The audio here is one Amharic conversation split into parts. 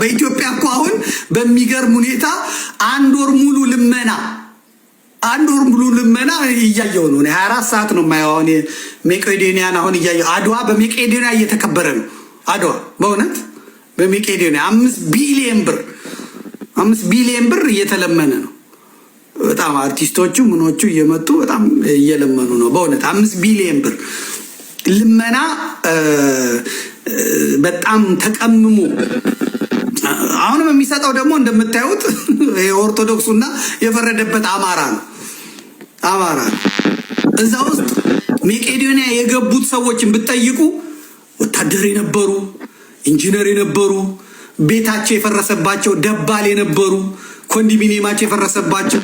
በኢትዮጵያ እኮ አሁን በሚገርም ሁኔታ አንድ ወር ሙሉ ልመና አንድ ወር ሙሉ ልመና እያየው ነው። ሀያ አራት ሰዓት ነው የማየው። አሁን ሜቄዶኒያን አሁን እያየው አድዋ በሜቄዶኒያ እየተከበረ ነው። አድዋ በእውነት በሜቄዶኒያ አምስት ቢሊየን ብር አምስት ቢሊየን ብር እየተለመነ ነው። በጣም አርቲስቶቹ ምኖቹ እየመጡ በጣም እየለመኑ ነው። በእውነት አምስት ቢሊየን ብር ልመና በጣም ተቀምሞ አሁንም የሚሰጠው ደግሞ እንደምታዩት የኦርቶዶክሱና የፈረደበት አማራ ነው። አማራ እዛ ውስጥ ሜቄዶንያ የገቡት ሰዎችን ብትጠይቁ ወታደር የነበሩ ኢንጂነር የነበሩ ቤታቸው የፈረሰባቸው ደባል የነበሩ ኮንዶሚኒየማቸው የፈረሰባቸው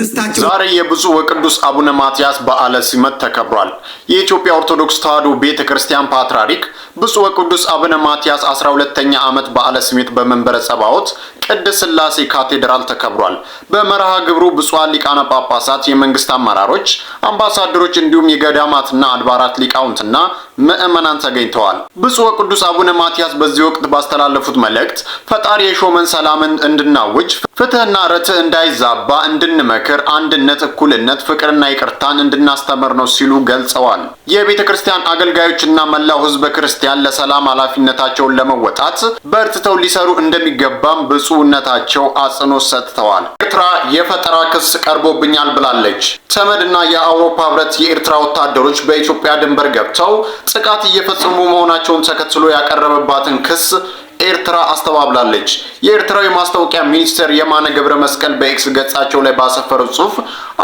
ርስታቸው ዛሬ የብፁዕ ወቅዱስ አቡነ ማትያስ በዓለ ሲመት ተከብሯል። የኢትዮጵያ ኦርቶዶክስ ተዋሕዶ ቤተ ክርስቲያን ፓትርያርክ ብፁዕ ወቅዱስ አቡነ ማትያስ 12 ተኛ ዓመት በዓለ ሲመት በመንበረ ጸባዖት ቅድስት ሥላሴ ካቴድራል ተከብሯል። በመርሃ ግብሩ ብፁዓን ሊቃነ ጳጳሳት፣ የመንግስት አመራሮች፣ አምባሳደሮች እንዲሁም የገዳማትና አድባራት ሊቃውንትና ምዕመናን ተገኝተዋል። ብፁዕ ወቅዱስ አቡነ ማትያስ በዚህ ወቅት ባስተላለፉት መልእክት ፈጣሪ የሾመን ሰላምን እንድናውጅ፣ ፍትህና ርትዕ እንዳይዛባ እንድንመክር፣ አንድነት፣ እኩልነት፣ ፍቅርና ይቅርታን እንድናስተምር ነው ሲሉ ገልጸዋል። የቤተ ክርስቲያን አገልጋዮችና መላው ህዝበ ክርስቲያን ለሰላም ኃላፊነታቸውን ለመወጣት በርትተው ሊሰሩ እንደሚገባም ብፁዕነታቸው አጽንኦት ሰጥተዋል። ኤርትራ የፈጠራ ክስ ቀርቦብኛል ብላለች። ተመድና የአውሮፓ ህብረት የኤርትራ ወታደሮች በኢትዮጵያ ድንበር ገብተው ጥቃት እየፈጸሙ መሆናቸውን ተከትሎ ያቀረበባትን ክስ ኤርትራ አስተባብላለች። የኤርትራዊ ማስታወቂያ ሚኒስቴር የማነ ገብረ መስቀል በኤክስ ገጻቸው ላይ ባሰፈረው ጽሑፍ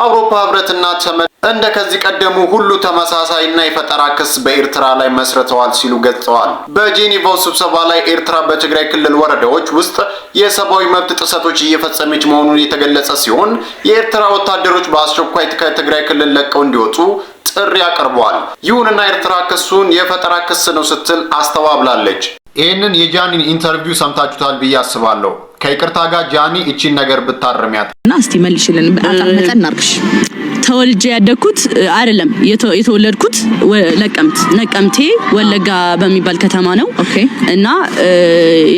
አውሮፓ ህብረትና ተመ እንደ ከዚህ ቀደሙ ሁሉ ተመሳሳይና የፈጠራ ክስ በኤርትራ ላይ መስርተዋል ሲሉ ገልጸዋል። በጄኔቫው ስብሰባ ላይ ኤርትራ በትግራይ ክልል ወረዳዎች ውስጥ የሰብአዊ መብት ጥሰቶች እየፈጸመች መሆኑን የተገለጸ ሲሆን የኤርትራ ወታደሮች በአስቸኳይ ከትግራይ ክልል ለቀው እንዲወጡ ጥሪ አቅርበዋል። ይሁንና ኤርትራ ክሱን የፈጠራ ክስ ነው ስትል አስተባብላለች። ይህንን የጃኒን ኢንተርቪው ሰምታችሁታል ብዬ አስባለሁ። ከይቅርታ ጋር ጃኒ እቺን ነገር ብታርሚያት እና እስቲ መልሽልን መጠን አርግሽ ተወልጄ ያደግኩት አይደለም የተወለድኩት ለቀምት ነቀምቴ ወለጋ በሚባል ከተማ ነው እና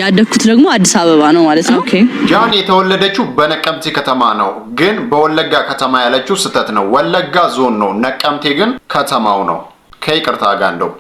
ያደግኩት ደግሞ አዲስ አበባ ነው ማለት ነው። ጃን የተወለደችው በነቀምቴ ከተማ ነው፣ ግን በወለጋ ከተማ ያለችው ስህተት ነው። ወለጋ ዞን ነው፣ ነቀምቴ ግን ከተማው ነው። ከይቅርታ ጋር እንደው